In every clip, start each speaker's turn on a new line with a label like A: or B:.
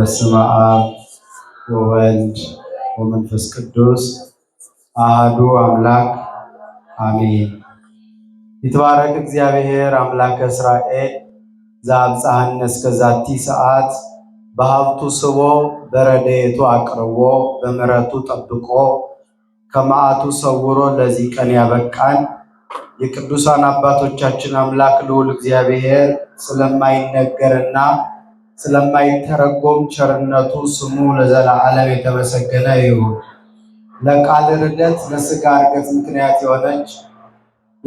A: በስመ አብ ወወልድ ወመንፈስ ቅዱስ አህዱ አምላክ አሜን። ይትባረክ እግዚአብሔር አምላከ እስራኤል ዘአብጽሐነ እስከ ዛቲ ሰዓት በሀብቱ ስቦ በረድኤቱ አቅርቦ በምሕረቱ ጠብቆ ከመዓቱ ሰውሮ ለዚህ ቀን ያበቃን የቅዱሳን አባቶቻችን አምላክ ልዑል እግዚአብሔር ስለማይነገርና ስለማይተረጎም ቸርነቱ ስሙ ለዘላለም የተመሰገነ ይሁን። ለቃል ርደት ለስጋ እርገት ምክንያት የሆነች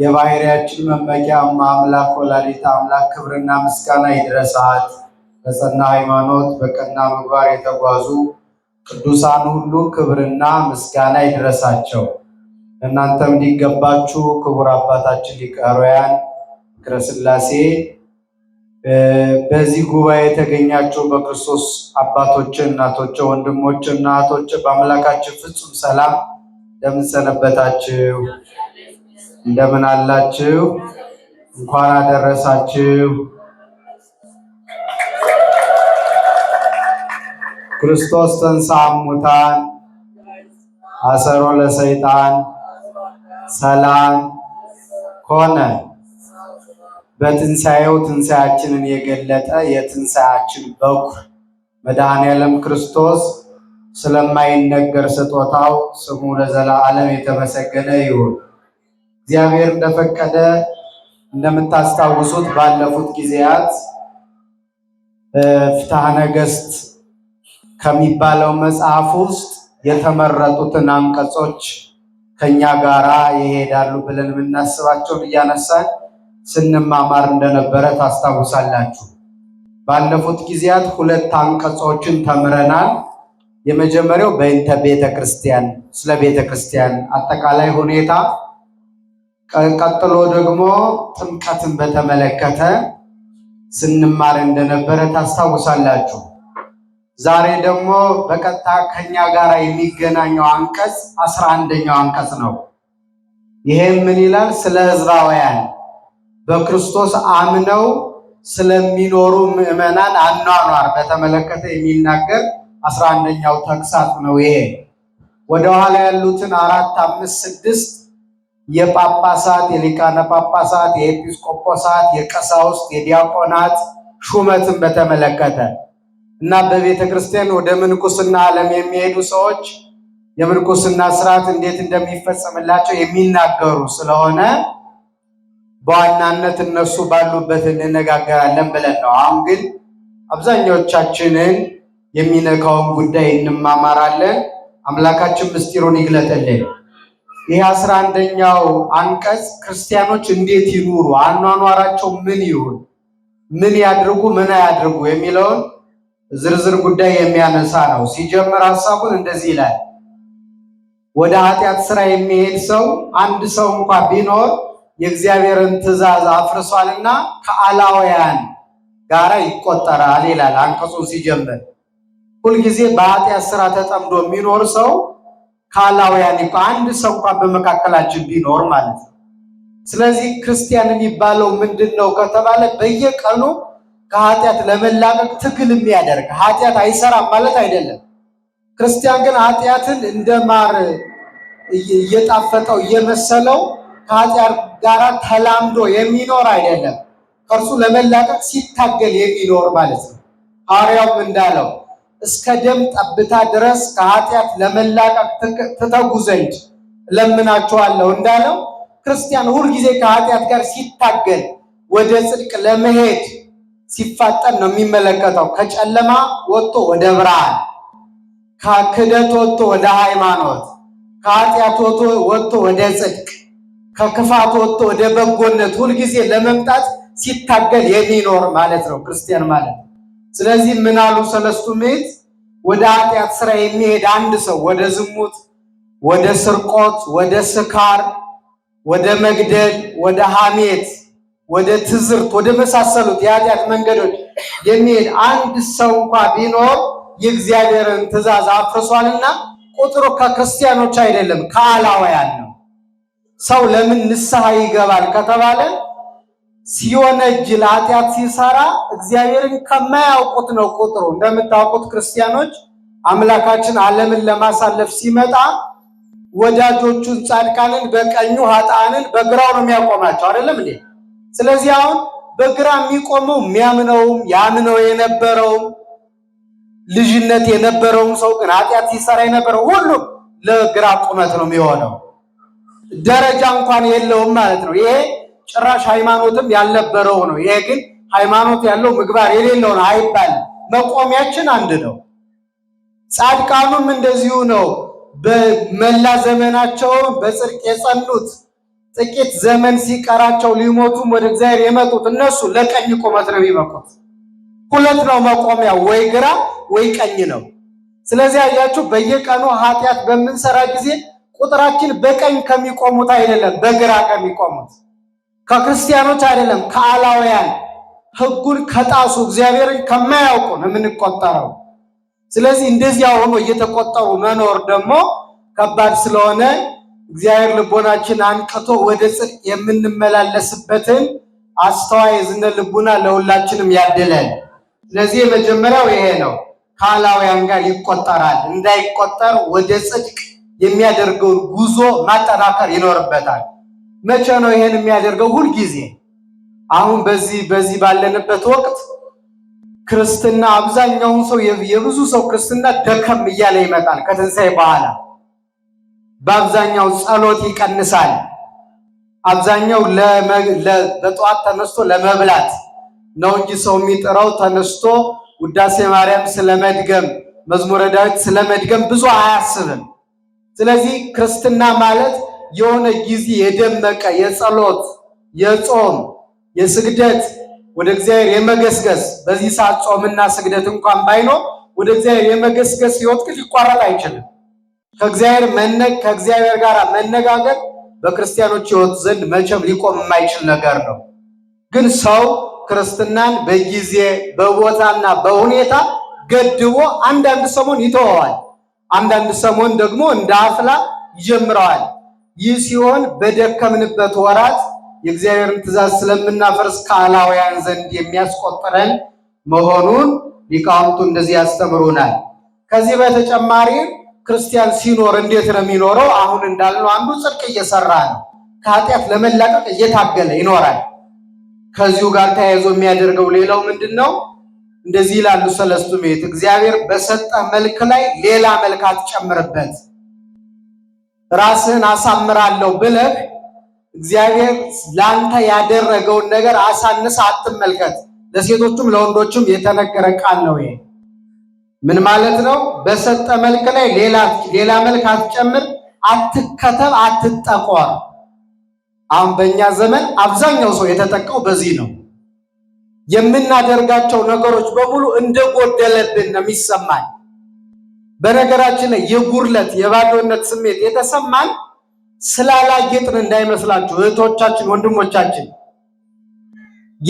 A: የባህሪያችን መመኪያ አምላክ ወላዲተ አምላክ ክብርና ምስጋና ይድረሳት። በጸና ሃይማኖት በቀና ምግባር የተጓዙ ቅዱሳን ሁሉ ክብርና ምስጋና ይድረሳቸው። እናንተም እንዲገባችሁ ክቡር አባታችን ሊቀሮያን ኅሩያን ምክረ በዚህ ጉባኤ የተገኛችሁ በክርስቶስ አባቶች፣ እናቶች፣ ወንድሞች፣ እናቶች በአምላካችን ፍጹም ሰላም እንደምን ሰነበታችሁ? እንደምን አላችሁ? እንኳን አደረሳችሁ። ክርስቶስ ተንሥአ እሙታን አሰሮ ለሰይጣን ሰላም ኮነ በትንሣኤው ትንሣያችንን የገለጠ የትንሣያችን በኩር መድኃኔዓለም ክርስቶስ ስለማይነገር ስጦታው ስሙ ለዘላለም የተመሰገነ ይሁን። እግዚአብሔር እንደፈቀደ እንደምታስታውሱት ባለፉት ጊዜያት ፍትሐ ነገሥት ከሚባለው መጽሐፍ ውስጥ የተመረጡትን አንቀጾች ከኛ ጋራ ይሄዳሉ ብለን የምናስባቸውን እያነሳን ስንማማር እንደነበረ ታስታውሳላችሁ። ባለፉት ጊዜያት ሁለት አንቀጾችን ተምረናል። የመጀመሪያው በእንተ ቤተ ክርስቲያን ስለ ቤተ ክርስቲያን አጠቃላይ ሁኔታ፣ ቀጥሎ ደግሞ ጥምቀትን በተመለከተ ስንማር እንደነበረ ታስታውሳላችሁ። ዛሬ ደግሞ በቀጥታ ከኛ ጋር የሚገናኘው አንቀጽ አስራ አንደኛው አንቀጽ ነው። ይሄም ምን ይላል? ስለ ህዝባውያን በክርስቶስ አምነው ስለሚኖሩ ምዕመናን አኗኗር በተመለከተ የሚናገር አስራ አንደኛው ተግሳጽ ነው። ይሄ ወደኋላ ያሉትን አራት አምስት ስድስት የጳጳሳት የሊቃነ ጳጳሳት የኤጲስቆጶሳት የቀሳውስት የዲያቆናት ሹመትን በተመለከተ እና በቤተ ክርስቲያን ወደ ምንኩስና ዓለም የሚሄዱ ሰዎች የምንኩስና ስርዓት እንዴት እንደሚፈጸምላቸው የሚናገሩ ስለሆነ በዋናነት እነሱ ባሉበት እንነጋገራለን ብለን ነው። አሁን ግን አብዛኛዎቻችንን የሚነካውን ጉዳይ እንማማራለን። አምላካችን ምስጢሩን ይግለጥልን። ይህ አስራ አንደኛው አንቀጽ ክርስቲያኖች እንዴት ይኑሩ፣ አኗኗራቸው ምን ይሁን፣ ምን ያድርጉ፣ ምን አያድርጉ የሚለውን ዝርዝር ጉዳይ የሚያነሳ ነው። ሲጀምር ሀሳቡን እንደዚህ ይላል። ወደ ኃጢአት ስራ የሚሄድ ሰው አንድ ሰው እንኳ ቢኖር የእግዚአብሔርን ትእዛዝ አፍርሷልና ከአላውያን ጋር ይቆጠራል ይላል አንቀጹን ሲጀምር። ሁልጊዜ በኃጢአት ስራ ተጠምዶ የሚኖር ሰው ከአላውያን ይ አንድ ሰው እንኳን በመካከላችን ቢኖር ማለት ነው። ስለዚህ ክርስቲያን የሚባለው ምንድን ነው ከተባለ በየቀኑ ከኃጢአት ለመላቀቅ ትግል የሚያደርግ ኃጢአት አይሰራም ማለት አይደለም። ክርስቲያን ግን ኃጢአትን እንደ ማር እየጣፈጠው እየመሰለው ከኃጢአት ጋር ተላምዶ የሚኖር አይደለም፣ ከእርሱ ለመላቀቅ ሲታገል የሚኖር ማለት ነው። ሐዋርያውም እንዳለው እስከ ደም ጠብታ ድረስ ከኃጢአት ለመላቀቅ ትተጉ ዘንድ እለምናችኋለሁ እንዳለው ክርስቲያን ሁልጊዜ ከኃጢአት ጋር ሲታገል ወደ ጽድቅ ለመሄድ ሲፋጠን ነው የሚመለከተው። ከጨለማ ወጥቶ ወደ ብርሃን፣ ከክደት ወጥቶ ወደ ሃይማኖት፣ ከኃጢአት ወጥቶ ወደ ጽድቅ ከክፋት ወጥቶ ወደ በጎነት ሁልጊዜ ለመምጣት ሲታገል የሚኖር ማለት ነው ክርስቲያን ማለት። ስለዚህ ምን አሉ ሰለስቱ ምዕት? ወደ ኃጢአት ስራ የሚሄድ አንድ ሰው ወደ ዝሙት፣ ወደ ስርቆት፣ ወደ ስካር፣ ወደ መግደል፣ ወደ ሐሜት፣ ወደ ትዝርት፣ ወደ መሳሰሉት የኃጢአት መንገዶች የሚሄድ አንድ ሰው እንኳ ቢኖር የእግዚአብሔርን ትእዛዝ አፍርሷልና ቁጥሩ ከክርስቲያኖች አይደለም ከአላውያን ነው። ሰው ለምን ንስሐ ይገባል ከተባለ ሲወነጅል ኃጢአት ሲሰራ እግዚአብሔርን ከማያውቁት ነው ቁጥሩ። እንደምታውቁት ክርስቲያኖች አምላካችን ዓለምን ለማሳለፍ ሲመጣ ወዳጆቹን ጻድቃንን በቀኙ ኃጥአንን በግራው ነው የሚያቆማቸው አይደለም እንዴ? ስለዚህ አሁን በግራ የሚቆመው የሚያምነውም ያምነው የነበረውም ልጅነት የነበረውም ሰው ግን ኃጢአት ሲሰራ የነበረው ሁሉም ለግራ ቁመት ነው የሚሆነው። ደረጃ እንኳን የለውም ማለት ነው። ይሄ ጭራሽ ሃይማኖትም ያልነበረው ነው። ይሄ ግን ሃይማኖት ያለው ምግባር የሌለው ነው አይባል። መቆሚያችን አንድ ነው። ጻድቃኑም እንደዚሁ ነው። በመላ ዘመናቸውን በጽድቅ የጸኑት ጥቂት ዘመን ሲቀራቸው ሊሞቱም ወደ እግዚአብሔር የመጡት እነሱ ለቀኝ ቁመት ነው የሚመቁት። ሁለት ነው መቆሚያ፣ ወይ ግራ ወይ ቀኝ ነው። ስለዚህ አያችሁ በየቀኑ ኃጢአት በምንሰራ ጊዜ ቁጥራችን በቀኝ ከሚቆሙት አይደለም፣ በግራ ከሚቆሙት ከክርስቲያኖች አይደለም፣ ከአላውያን ህጉን ከጣሱ እግዚአብሔርን ከማያውቁ ነው የምንቆጠረው። ስለዚህ እንደዚያ ሆኖ እየተቆጠሩ መኖር ደግሞ ከባድ ስለሆነ እግዚአብሔር ልቦናችን አንቅቶ ወደ ጽድቅ የምንመላለስበትን አስተዋይ ዝነ ልቡና ለሁላችንም ያድለን። ስለዚህ የመጀመሪያው ይሄ ነው፣ ከአላውያን ጋር ይቆጠራል። እንዳይቆጠር ወደ ጽድቅ የሚያደርገውን ጉዞ ማጠናከር ይኖርበታል። መቼ ነው ይሄን የሚያደርገው? ሁልጊዜ አሁን በዚህ በዚህ ባለንበት ወቅት ክርስትና አብዛኛውን ሰው የብዙ ሰው ክርስትና ደከም እያለ ይመጣል። ከትንሣኤ በኋላ በአብዛኛው ጸሎት ይቀንሳል። አብዛኛው በጠዋት ተነስቶ ለመብላት ነው እንጂ ሰው የሚጥረው ተነስቶ ውዳሴ ማርያም ስለመድገም መዝሙረ ዳዊት ስለመድገም ብዙ አያስብም። ስለዚህ ክርስትና ማለት የሆነ ጊዜ የደመቀ የጸሎት፣ የጾም፣ የስግደት ወደ እግዚአብሔር የመገስገስ በዚህ ሰዓት ጾምና ስግደት እንኳን ባይኖር ወደ እግዚአብሔር የመገስገስ ህይወት ግን ሊቋረጥ አይችልም። ከእግዚአብሔር መነግ ከእግዚአብሔር ጋር መነጋገር በክርስቲያኖች ህይወት ዘንድ መቼም ሊቆም የማይችል ነገር ነው። ግን ሰው ክርስትናን በጊዜ በቦታና በሁኔታ ገድቦ አንዳንድ ሰሞን ይተወዋል። አንዳንድ ሰሞን ደግሞ እንደ አፍላ ይጀምረዋል። ይህ ሲሆን በደከምንበት ወራት የእግዚአብሔርን ትእዛዝ ስለምናፈርስ ከአላውያን ዘንድ የሚያስቆጥረን መሆኑን ሊቃውንቱ እንደዚህ ያስተምሩናል። ከዚህ በተጨማሪ ክርስቲያን ሲኖር እንዴት ነው የሚኖረው? አሁን እንዳልነው አንዱ ጽድቅ እየሰራ ነው። ከኃጢአት ለመላቀቅ እየታገለ ይኖራል። ከዚሁ ጋር ተያይዞ የሚያደርገው ሌላው ምንድን ነው? እንደዚህ ይላሉ ሰለስቱ ምዕት እግዚአብሔር በሰጠ መልክ ላይ ሌላ መልክ አትጨምርበት። ራስህን አሳምራለሁ ብለህ እግዚአብሔር ላንተ ያደረገውን ነገር አሳንስ አትመልከት። ለሴቶቹም ለወንዶችም የተነገረ ቃል ነው። ይሄ ምን ማለት ነው? በሰጠ መልክ ላይ ሌላ መልክ አትጨምር፣ አትከተብ፣ አትጠቆር። አሁን በእኛ ዘመን አብዛኛው ሰው የተጠቀው በዚህ ነው። የምናደርጋቸው ነገሮች በሙሉ እንደጎደለብን ነው የሚሰማን። በነገራችን ላይ የጉርለት የባዶነት ስሜት የተሰማን ስላላጌጥን እንዳይመስላችሁ እህቶቻችን፣ ወንድሞቻችን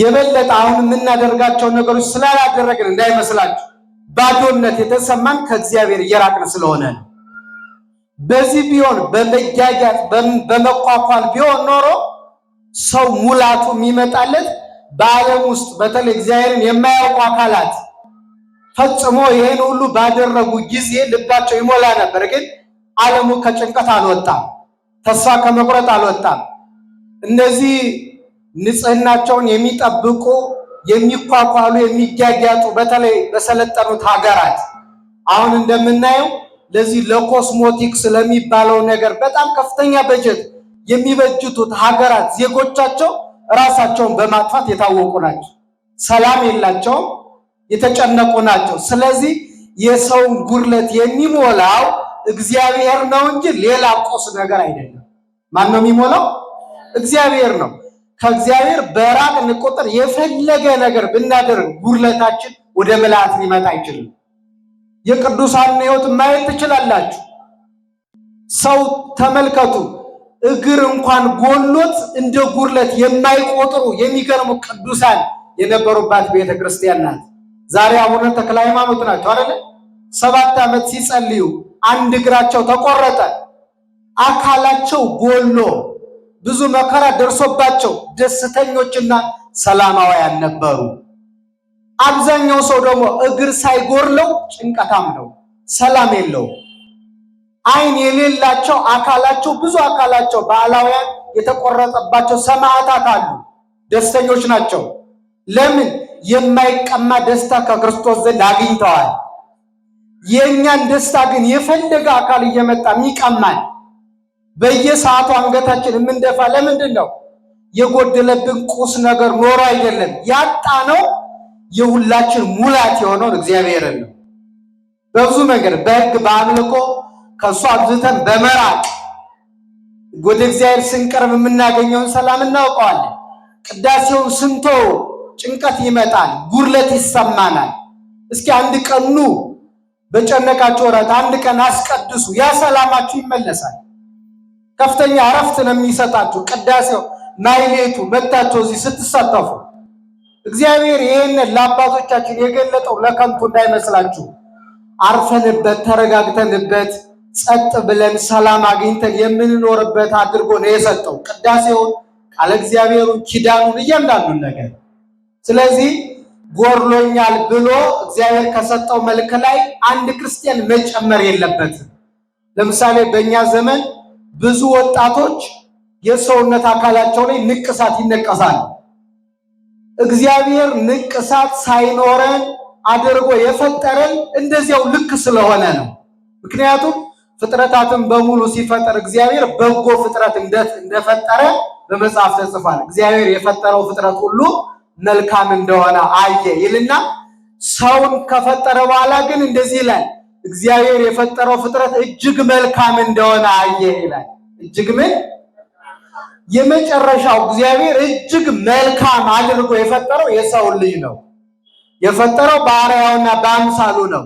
A: የበለጠ አሁን የምናደርጋቸው ነገሮች ስላላደረግን እንዳይመስላችሁ ባዶነት የተሰማን ከእግዚአብሔር እየራቅን ስለሆነ ነው። በዚህ ቢሆን በመጃጃት በመኳኳል ቢሆን ኖሮ ሰው ሙላቱ የሚመጣለት በዓለም ውስጥ በተለይ እግዚአብሔርን የማያውቁ አካላት ፈጽሞ ይህን ሁሉ ባደረጉ ጊዜ ልባቸው ይሞላ ነበር። ግን ዓለሙ ከጭንቀት አልወጣም፣ ተስፋ ከመቁረጥ አልወጣም። እነዚህ ንጽህናቸውን የሚጠብቁ የሚኳኳሉ፣ የሚጋጋጡ በተለይ በሰለጠኑት ሀገራት አሁን እንደምናየው ለዚህ ለኮስሞቲክስ ለሚባለው ነገር በጣም ከፍተኛ በጀት የሚበጅቱት ሀገራት ዜጎቻቸው ራሳቸውን በማጥፋት የታወቁ ናቸው። ሰላም የላቸውም፣ የተጨነቁ ናቸው። ስለዚህ የሰውን ጉድለት የሚሞላው እግዚአብሔር ነው እንጂ ሌላ ቁስ ነገር አይደለም። ማን ነው የሚሞላው? እግዚአብሔር ነው። ከእግዚአብሔር በራቅን ቁጥር የፈለገ ነገር ብናደርግ ጉድለታችን ወደ ምልአት ሊመጣ አይችልም። የቅዱሳን ሕይወት ማየት ትችላላችሁ። ሰው ተመልከቱ እግር እንኳን ጎሎት እንደ ጉርለት የማይቆጥሩ የሚገርሙ ቅዱሳን የነበሩባት ቤተ ክርስቲያን ናት። ዛሬ አቡነ ተክለ ሃይማኖት ናቸው አይደለ? ሰባት ዓመት ሲጸልዩ አንድ እግራቸው ተቆረጠ፣ አካላቸው ጎሎ፣ ብዙ መከራ ደርሶባቸው ደስተኞችና ሰላማውያን ነበሩ። አብዛኛው ሰው ደግሞ እግር ሳይጎርለው ጭንቀታም ነው፣ ሰላም የለውም። አይን የሌላቸው አካላቸው ብዙ አካላቸው ባዓላውያን የተቆረጠባቸው ሰማዕታት አሉ። ደስተኞች ናቸው። ለምን? የማይቀማ ደስታ ከክርስቶስ ዘንድ አግኝተዋል። የእኛን ደስታ ግን የፈለገ አካል እየመጣ የሚቀማን በየሰዓቱ አንገታችን የምንደፋ ለምንድን ነው? የጎደለብን ቁስ ነገር ኖሮ አይደለም። ያጣ ነው የሁላችን ሙላት የሆነውን እግዚአብሔርን ነው። በብዙ መንገድ በህግ በአምልኮ ከእሱ አብዝተን በመራቅ ወደ እግዚአብሔር ስንቀርብ የምናገኘውን ሰላም እናውቀዋለን። ቅዳሴውን ስንቶ ጭንቀት ይመጣል፣ ጉድለት ይሰማናል። እስኪ አንድ ቀኑ በጨነቃቸው ወራት አንድ ቀን አስቀድሱ፣ ያ ሰላማችሁ ይመለሳል። ከፍተኛ እረፍት ነው የሚሰጣችሁ ቅዳሴው ማይሌቱ መታቸው እዚህ ስትሳተፉ እግዚአብሔር ይህንን ለአባቶቻችን የገለጠው ለከንቱ እንዳይመስላችሁ፣ አርፈንበት ተረጋግተንበት ጸጥ ብለን ሰላም አግኝተን የምንኖርበት አድርጎ ነው የሰጠው ቅዳሴውን፣ ቃለ እግዚአብሔሩን፣ ኪዳኑን እያንዳንዱን ነገር። ስለዚህ ጎድሎኛል ብሎ እግዚአብሔር ከሰጠው መልክ ላይ አንድ ክርስቲያን መጨመር የለበትም። ለምሳሌ በእኛ ዘመን ብዙ ወጣቶች የሰውነት አካላቸው ላይ ንቅሳት ይነቀሳል። እግዚአብሔር ንቅሳት ሳይኖረን አድርጎ የፈጠረን እንደዚያው ልክ ስለሆነ ነው። ምክንያቱም ፍጥረታትን በሙሉ ሲፈጠር እግዚአብሔር በጎ ፍጥረት እንደፈጠረ በመጽሐፍ ተጽፏል። እግዚአብሔር የፈጠረው ፍጥረት ሁሉ መልካም እንደሆነ አየ ይልና ሰውን ከፈጠረ በኋላ ግን እንደዚህ ይላል፣ እግዚአብሔር የፈጠረው ፍጥረት እጅግ መልካም እንደሆነ አየ ይላል። እጅግ ምን የመጨረሻው እግዚአብሔር እጅግ መልካም አድርጎ የፈጠረው የሰውን ልጅ ነው። የፈጠረው ባህሪያውና በአምሳሉ ነው።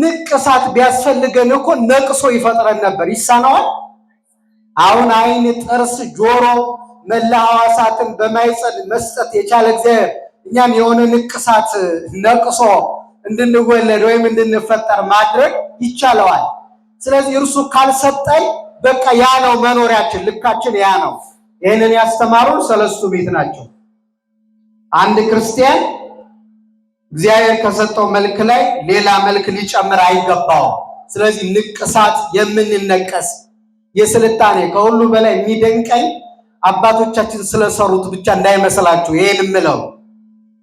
A: ንቅሳት ቢያስፈልገን እኮ ነቅሶ ይፈጥረን ነበር። ይሳነዋል። አሁን አይን ጥርስ፣ ጆሮ መላ ሐዋሳትን በማይጸል መስጠት የቻለ እግዚአብሔር እኛም የሆነ ንቅሳት ነቅሶ እንድንወለድ ወይም እንድንፈጠር ማድረግ ይቻለዋል። ስለዚህ እርሱ ካልሰጠን በቃ ያ ነው መኖሪያችን፣ ልካችን ያ ነው። ይህንን ያስተማሩን ሰለስቱ ቤት ናቸው። አንድ ክርስቲያን እግዚአብሔር ከሰጠው መልክ ላይ ሌላ መልክ ሊጨምር አይገባውም። ስለዚህ ንቅሳት የምንነቀስ የስልጣኔ ከሁሉ በላይ የሚደንቀኝ አባቶቻችን ስለሰሩት ብቻ እንዳይመስላችሁ ይህን የምለው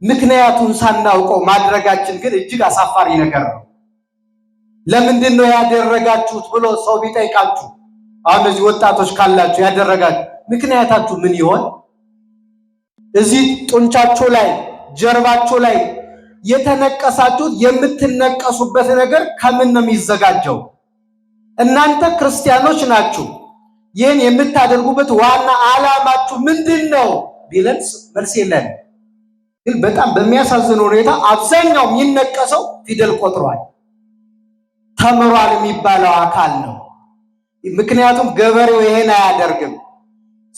A: ምክንያቱን ሳናውቀው ማድረጋችን ግን እጅግ አሳፋሪ ነገር ነው። ለምንድን ነው ያደረጋችሁት ብሎ ሰው ቢጠይቃችሁ አሁን እዚህ ወጣቶች ካላችሁ ያደረጋችሁ ምክንያታችሁ ምን ይሆን? እዚህ ጡንቻችሁ ላይ ጀርባችሁ ላይ የተነቀሳችሁት የምትነቀሱበት ነገር ከምን ነው የሚዘጋጀው? እናንተ ክርስቲያኖች ናችሁ። ይህን የምታደርጉበት ዋና ዓላማችሁ ምንድን ነው ቢለን መልስ የለን። ግን በጣም በሚያሳዝን ሁኔታ አብዛኛው የሚነቀሰው ፊደል ቆጥሯል ተምሯል የሚባለው አካል ነው። ምክንያቱም ገበሬው ይሄን አያደርግም።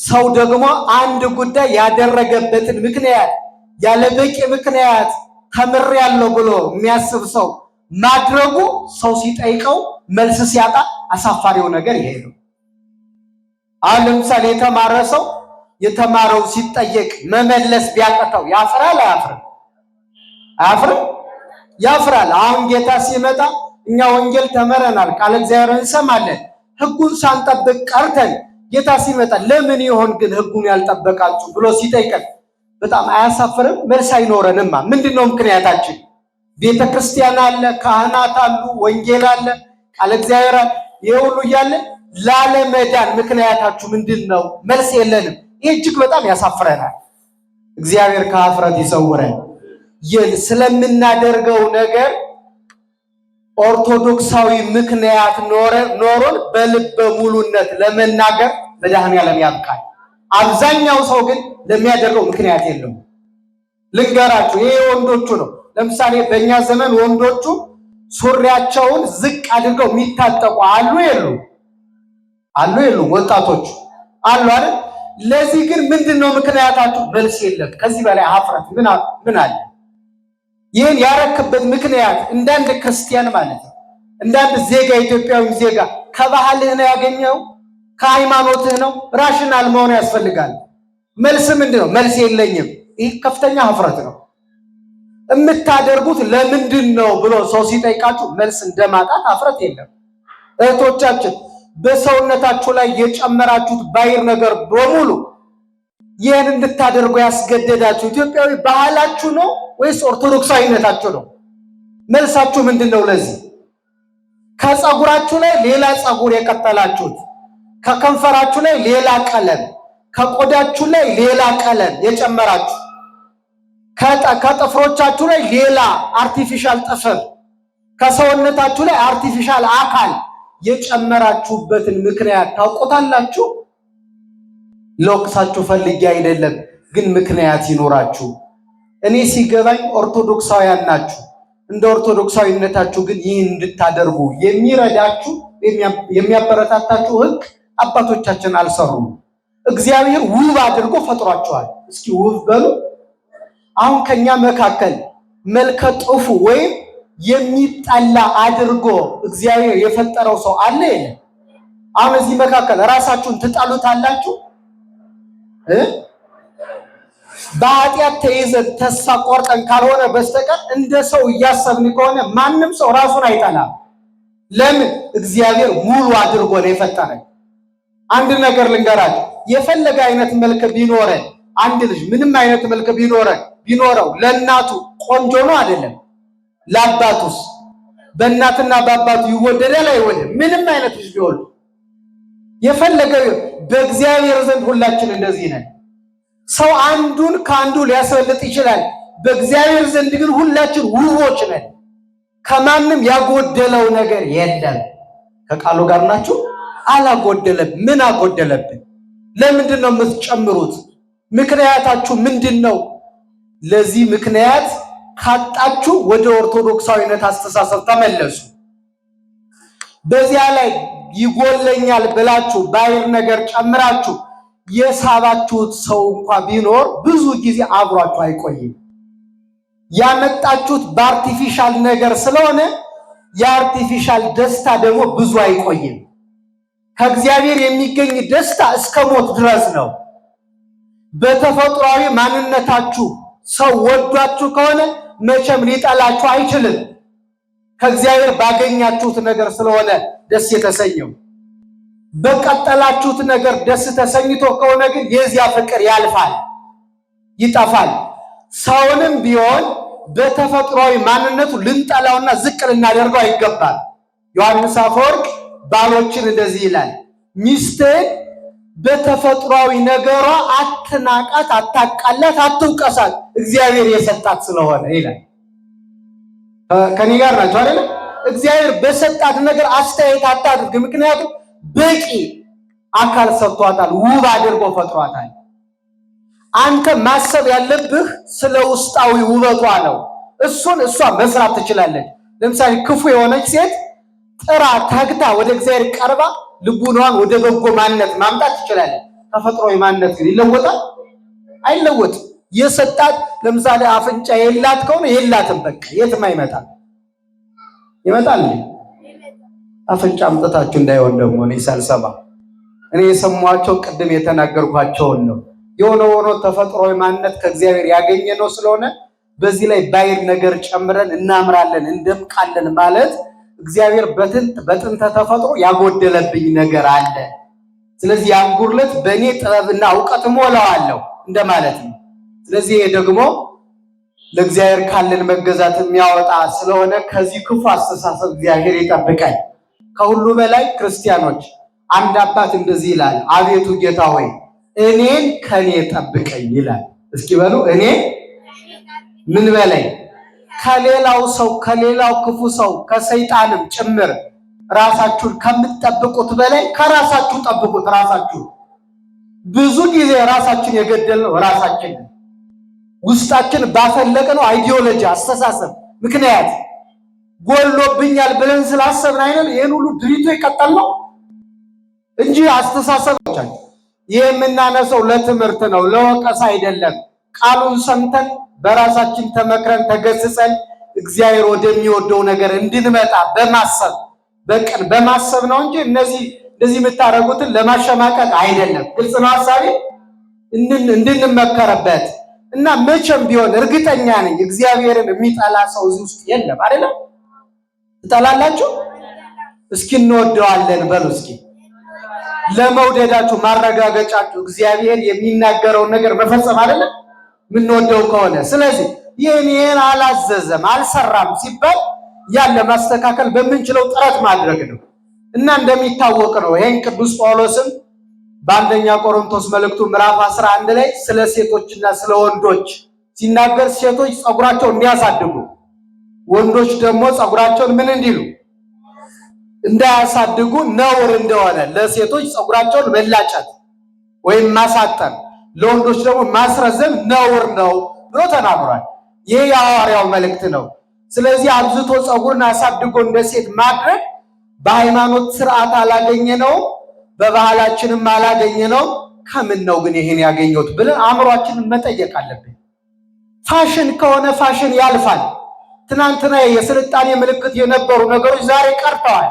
A: ሰው ደግሞ አንድ ጉዳይ ያደረገበትን ምክንያት ያለ በቂ ምክንያት ተምሬያለሁ ብሎ የሚያስብ ሰው ማድረጉ ሰው ሲጠይቀው መልስ ሲያጣ አሳፋሪው ነገር ይሄ ነው። አሁን ለምሳሌ የተማረ ሰው የተማረው ሲጠየቅ መመለስ ቢያቀተው ያፍራል አያፍርም? አያፍርም? ያፍራል። አሁን ጌታ ሲመጣ እኛ ወንጌል ተምረናል፣ ቃለ እግዚአብሔር እንሰማለን፣ ህጉን ሳንጠብቅ ቀርተን ጌታ ሲመጣ ለምን ይሆን ግን ህጉን ያልጠበቃችሁ ብሎ ሲጠይቀን በጣም አያሳፍርም? መልስ አይኖረንማ። ምንድን ነው ምክንያታችን? ቤተ ክርስቲያን አለ፣ ካህናት አሉ፣ ወንጌል አለ፣ ቃለ እግዚአብሔር አለ፣ ይሄ ሁሉ እያለ ላለመዳን ምክንያታችሁ ምንድን ነው? መልስ የለንም። ይህ እጅግ በጣም ያሳፍረናል። እግዚአብሔር ከአፍረት ይሰውረን። ይህን ስለምናደርገው ነገር ኦርቶዶክሳዊ ምክንያት ኖሮን በልበ ሙሉነት ለመናገር መድኃኔዓለም ያብቃል። አብዛኛው ሰው ግን ለሚያደርገው ምክንያት የለም። ልንገራችሁ፣ ይሄ ወንዶቹ ነው። ለምሳሌ በእኛ ዘመን ወንዶቹ ሱሪያቸውን ዝቅ አድርገው የሚታጠቁ አሉ የሉ? አሉ የሉ? ወጣቶቹ አሉ አይደል? ለዚህ ግን ምንድን ነው ምክንያታችሁ? መልስ የለም። ከዚህ በላይ ሀፍረት ምን አለ? ይህን ያረክበት ምክንያት እንዳንድ ክርስቲያን ማለት ነው እንዳንድ ዜጋ ኢትዮጵያዊ ዜጋ ከባህልህ ነው ያገኘው ከሃይማኖትህ ነው። ራሽናል መሆን ያስፈልጋል። መልስ ምንድን ነው? መልስ የለኝም። ይህ ከፍተኛ ህፍረት ነው። የምታደርጉት ለምንድን ነው ብሎ ሰው ሲጠይቃችሁ መልስ እንደማጣት አፍረት የለም። እህቶቻችን በሰውነታችሁ ላይ የጨመራችሁት ባይር ነገር በሙሉ ይህን እንድታደርጉ ያስገደዳችሁ ኢትዮጵያዊ ባህላችሁ ነው ወይስ ኦርቶዶክሳዊነታችሁ ነው? መልሳችሁ ምንድን ነው? ለዚህ ከጸጉራችሁ ላይ ሌላ ፀጉር የቀጠላችሁት ከከንፈራችሁ ላይ ሌላ ቀለም፣ ከቆዳችሁ ላይ ሌላ ቀለም የጨመራችሁ፣ ከጥፍሮቻችሁ ላይ ሌላ አርቲፊሻል ጥፍር፣ ከሰውነታችሁ ላይ አርቲፊሻል አካል የጨመራችሁበትን ምክንያት ታውቁታላችሁ። ለወቅሳችሁ ፈልጌ አይደለም፣ ግን ምክንያት ይኖራችሁ። እኔ ሲገባኝ ኦርቶዶክሳውያን ናችሁ። እንደ ኦርቶዶክሳዊነታችሁ ግን ይህን እንድታደርጉ የሚረዳችሁ የሚያበረታታችሁ ሕግ አባቶቻችን አልሰሩም። እግዚአብሔር ውብ አድርጎ ፈጥሯቸዋል። እስኪ ውብ በሉ። አሁን ከኛ መካከል መልከ ጥፉ ወይም የሚጠላ አድርጎ እግዚአብሔር የፈጠረው ሰው አለ የለም? አሁን እዚህ መካከል ራሳችሁን ትጠሉታላችሁ እ በኃጢአት ተይዘን ተስፋ ቆርጠን ካልሆነ በስተቀር እንደ ሰው እያሰብን ከሆነ ማንም ሰው ራሱን አይጠላም። ለምን? እግዚአብሔር ሙሉ አድርጎ ነው የፈጠረን። አንድ ነገር ልንገራችሁ። የፈለገ አይነት መልክ ቢኖረን አንድ ልጅ ምንም አይነት መልክ ቢኖረን ቢኖረው ለእናቱ ቆንጆ ነው አይደለም? ለአባቱስ በእናትና በአባቱ ይወደዳል አይወደድም? ምንም አይነት ልጅ ቢሆን የፈለገ በእግዚአብሔር ዘንድ ሁላችን እንደዚህ ነን። ሰው አንዱን ከአንዱ ሊያስበልጥ ይችላል። በእግዚአብሔር ዘንድ ግን ሁላችን ውቦች ነን። ከማንም ያጎደለው ነገር የለም። ከቃሉ ጋር ናችሁ። አላጎደለብ ምን አጎደለብን? ለምንድን ነው የምትጨምሩት? ምክንያታችሁ ምንድን ነው? ለዚህ ምክንያት ካጣችሁ ወደ ኦርቶዶክሳዊነት አስተሳሰብ ተመለሱ። በዚያ ላይ ይጎለኛል ብላችሁ ባይር ነገር ጨምራችሁ የሳባችሁት ሰው እንኳ ቢኖር ብዙ ጊዜ አብሯችሁ አይቆይም። ያመጣችሁት በአርቲፊሻል ነገር ስለሆነ የአርቲፊሻል ደስታ ደግሞ ብዙ አይቆይም። ከእግዚአብሔር የሚገኝ ደስታ እስከ ሞት ድረስ ነው። በተፈጥሯዊ ማንነታችሁ ሰው ወዷችሁ ከሆነ መቼም ሊጠላችሁ አይችልም። ከእግዚአብሔር ባገኛችሁት ነገር ስለሆነ ደስ የተሰኘው በቀጠላችሁት ነገር ደስ ተሰኝቶ ከሆነ ግን የዚያ ፍቅር ያልፋል፣ ይጠፋል። ሰውንም ቢሆን በተፈጥሯዊ ማንነቱ ልንጠላውና ዝቅ ልናደርገው አይገባል። ዮሐንስ አፈወርቅ ባሎችን እንደዚህ ይላል፣ ሚስትህን በተፈጥሯዊ ነገሯ አትናቃት፣ አታቃላት፣ አትውቀሳት እግዚአብሔር የሰጣት ስለሆነ ይላል። ከኔ ጋር ናቸው አይደለ? እግዚአብሔር በሰጣት ነገር አስተያየት አታድርግ። ምክንያቱም በቂ አካል ሰጥቷታል፣ ውብ አድርጎ ፈጥሯታል። አንተ ማሰብ ያለብህ ስለ ውስጣዊ ውበቷ ነው። እሱን እሷ መስራት ትችላለች። ለምሳሌ ክፉ የሆነች ሴት ጥራ ታግታ ወደ እግዚአብሔር ቀርባ ልቡናዋን ወደ በጎ ማንነት ማምጣት ትችላለ። ተፈጥሯዊ ማንነት ግን ይለወጣል? አይለወጥም። የሰጣት ለምሳሌ አፍንጫ የላት ከሆነ የላትም። በቃ የትም አይመጣም። ይመጣል አፍንጫ አምጥታችሁ እንዳይሆን ደግሞ እኔ ሳልሰማ እኔ የሰማኋቸው ቅድም የተናገርኳቸውን ነው። የሆነ ሆኖ ተፈጥሯዊ ማንነት ከእግዚአብሔር ያገኘ ነው ስለሆነ በዚህ ላይ ባይር ነገር ጨምረን እናምራለን፣ እንደምቃለን ማለት እግዚአብሔር በጥንተ ተፈጥሮ ያጎደለብኝ ነገር አለ። ስለዚህ ያን ጉድለት በእኔ ጥበብና እውቀት ሞላዋለሁ እንደማለት ነው። ስለዚህ ይሄ ደግሞ ለእግዚአብሔር ካለን መገዛት የሚያወጣ ስለሆነ ከዚህ ክፉ አስተሳሰብ እግዚአብሔር ይጠብቀኝ። ከሁሉ በላይ ክርስቲያኖች አንድ አባት እንደዚህ ይላል፣ አቤቱ ጌታ ሆይ እኔን ከኔ ጠብቀኝ ይላል። እስኪ በሉ እኔ ምን በላይ ከሌላው ሰው ከሌላው ክፉ ሰው ከሰይጣንም ጭምር ራሳችሁን ከምትጠብቁት በላይ ከራሳችሁ ጠብቁት። ራሳችሁ ብዙ ጊዜ ራሳችን የገደልነው ራሳችን ውስጣችን ባፈለቅነው አይዲዮሎጂ፣ አስተሳሰብ ምክንያት ጎሎብኛል ብለን ስላሰብን አይደል ይህን ሁሉ ድሪቶ ነው እንጂ አስተሳሰብ ይህ የምናነሰው ለትምህርት ነው፣ ለወቀሳ አይደለም። ቃሉን ሰምተን በራሳችን ተመክረን ተገስጸን እግዚአብሔር ወደሚወደው ነገር እንድንመጣ በማሰብ በቀን በማሰብ ነው እንጂ እነዚህ እንደዚህ የምታደርጉትን ለማሸማቀቅ አይደለም። ግልጽ ነው ሐሳቤ እንድንመከርበት እና መቼም ቢሆን እርግጠኛ ነኝ እግዚአብሔርን የሚጠላ ሰው እዚህ ውስጥ የለም። አይደለም ትጠላላችሁ። እስኪ እንወደዋለን በሉ። እስኪ ለመውደዳችሁ ማረጋገጫችሁ እግዚአብሔር የሚናገረውን ነገር መፈጸም አይደለም የምንወደው ከሆነ ስለዚህ የኔን አላዘዘም አልሰራም ሲባል ያለ ማስተካከል በምንችለው ጥረት ማድረግ ነው እና እንደሚታወቅ ነው ይሄን ቅዱስ ጳውሎስም በአንደኛ ቆሮንቶስ መልእክቱ ምዕራፍ 11 ላይ ስለ ሴቶችና ስለ ወንዶች ሲናገር ሴቶች ጸጉራቸውን እንዲያሳድጉ ወንዶች ደግሞ ጸጉራቸውን ምን እንዲሉ እንዳያሳድጉ ነውር እንደሆነ ለሴቶች ጸጉራቸውን መላጨት ወይም ማሳጠር ለወንዶች ደግሞ ማስረዘም ነውር ነው ብሎ ተናግሯል። ይህ የሐዋርያው መልእክት ነው። ስለዚህ አብዝቶ ፀጉርን አሳድጎ እንደ ሴት ማድረግ በሃይማኖት ስርዓት አላገኘ ነው፣ በባህላችንም አላገኘ ነው። ከምን ነው ግን ይሄን ያገኘሁት ብለን አእምሯችንን መጠየቅ አለብን። ፋሽን ከሆነ ፋሽን ያልፋል። ትናንትና የስልጣኔ ምልክት የነበሩ ነገሮች ዛሬ ቀርተዋል።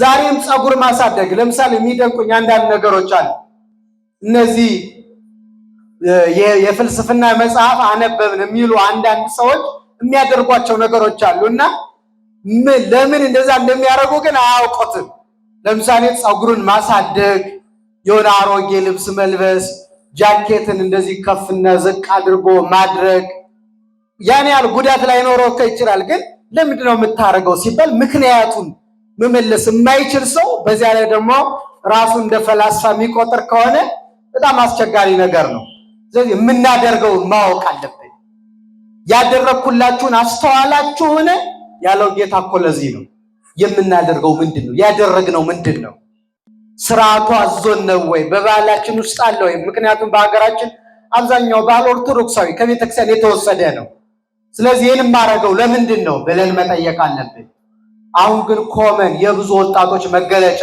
A: ዛሬም ፀጉር ማሳደግ ለምሳሌ የሚደንቁኝ አንዳንድ ነገሮች አሉ እነዚህ የፍልስፍና መጽሐፍ አነበብን የሚሉ አንዳንድ ሰዎች የሚያደርጓቸው ነገሮች አሉ እና ለምን እንደዛ እንደሚያደርጉ ግን አያውቁትም። ለምሳሌ ፀጉሩን ማሳደግ፣ የሆነ አሮጌ ልብስ መልበስ፣ ጃኬትን እንደዚህ ከፍና ዝቅ አድርጎ ማድረግ ያን ያህል ጉዳት ላይኖረው እኮ ይችላል። ግን ለምንድን ነው የምታደርገው ሲባል ምክንያቱን መመለስ የማይችል ሰው በዚያ ላይ ደግሞ ራሱን እንደ ፈላስፋ የሚቆጥር ከሆነ በጣም አስቸጋሪ ነገር ነው። ስለዚህ የምናደርገውን ማወቅ አለብን። ያደረግኩላችሁን አስተዋላችሁን ያለው ጌታ እኮ ለዚህ ነው። የምናደርገው ምንድን ነው? ያደረግነው ምንድን ነው? ስርዓቱ አዞን ነው ወይ? በባህላችን ውስጥ አለ ወይ? ምክንያቱም በሀገራችን አብዛኛው ባህል ኦርቶዶክሳዊ ከቤተክርስቲያን የተወሰደ ነው። ስለዚህ ይህን የማደርገው ለምንድን ነው ብለን መጠየቅ አለብን። አሁን ግን ኮመን የብዙ ወጣቶች መገለጫ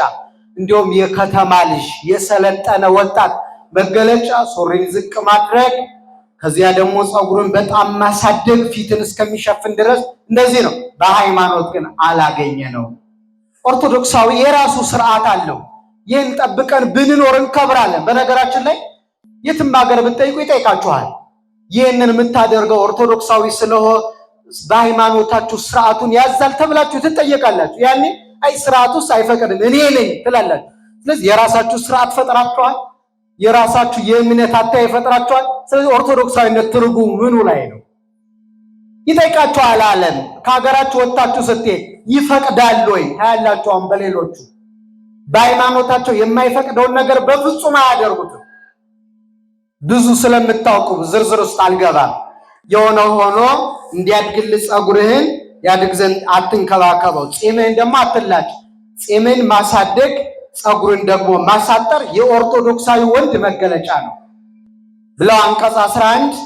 A: እንዲሁም የከተማ ልጅ የሰለጠነ ወጣት መገለጫ ሱሪን ዝቅ ማድረግ፣ ከዚያ ደግሞ ፀጉርን በጣም ማሳደግ ፊትን እስከሚሸፍን ድረስ እንደዚህ ነው። በሃይማኖት ግን አላገኘ ነው። ኦርቶዶክሳዊ የራሱ ስርዓት አለው። ይህን ጠብቀን ብንኖር እንከብራለን። በነገራችን ላይ የትም ሀገር ብትጠይቁ ይጠይቃችኋል። ይህንን የምታደርገው ኦርቶዶክሳዊ ስለሆ በሃይማኖታችሁ ስርዓቱን ያዛል ተብላችሁ ትጠየቃላችሁ። ያኔ አይ ስርዓት ውስጥ አይፈቅድም እኔ ነኝ ትላላችሁ። ስለዚህ የራሳችሁ ስርዓት ፈጥራችኋል። የራሳችሁ የእምነት አታ ይፈጥራችኋል። ስለዚህ ኦርቶዶክሳዊነት ትርጉም ምኑ ላይ ነው ይጠይቃችኋል። ዓለም ከሀገራችሁ ወጥታችሁ ስትሄድ ይፈቅዳል ወይ ታያላችሁ። በሌሎቹ በሃይማኖታቸው የማይፈቅደውን ነገር በፍጹም አያደርጉትም። ብዙ ስለምታውቁ ዝርዝር ውስጥ አልገባም። የሆነ ሆኖ እንዲያድግል ጸጉርህን ያድግ ዘንድ አትንከባከበው፣ ፂምህን ደግሞ አትላጭ። ፂምን ማሳደግ ፀጉርን ደግሞ ማሳጠር የኦርቶዶክሳዊ ወንድ መገለጫ ነው ብለው አንቀጽ 11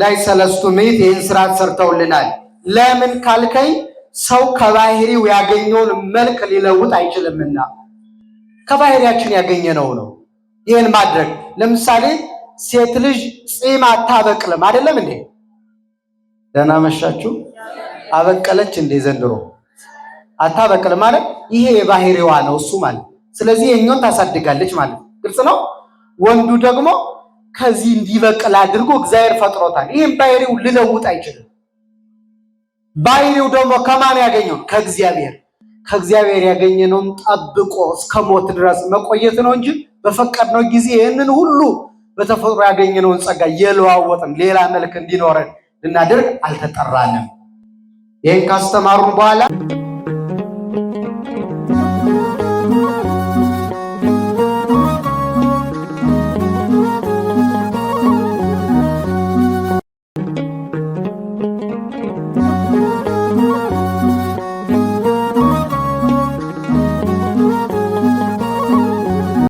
A: ላይ ሰለስቱ ምዕት ይህን ስርዓት ሰርተውልናል። ለምን ካልከኝ ሰው ከባህሪው ያገኘውን መልክ ሊለውጥ አይችልምና ከባህሪያችን ያገኘነው ነው። ይህን ማድረግ ለምሳሌ ሴት ልጅ ፂም አታበቅልም አይደለም እንዴ? ደህና መሻችሁ። አበቀለች እንዴ ዘንድሮ? አታበቅልም ማለት ይሄ የባህሪዋ ነው እሱ ማለት ስለዚህ የኛውን ታሳድጋለች ማለት ነው። ግልጽ ነው። ወንዱ ደግሞ ከዚህ እንዲበቅል አድርጎ እግዚአብሔር ፈጥሮታል። ይህም ባህሪው ልለውጥ አይችልም። ባህሪው ደግሞ ከማን ያገኘው? ከእግዚአብሔር ከእግዚአብሔር ያገኘነውን ጠብቆ እስከ ሞት ድረስ መቆየት ነው እንጂ በፈቀድነው ጊዜ ይህንን ሁሉ በተፈጥሮ ያገኘነውን ጸጋ የለዋወጥን ሌላ መልክ እንዲኖረን ልናደርግ አልተጠራንም። ይህን ካስተማሩን በኋላ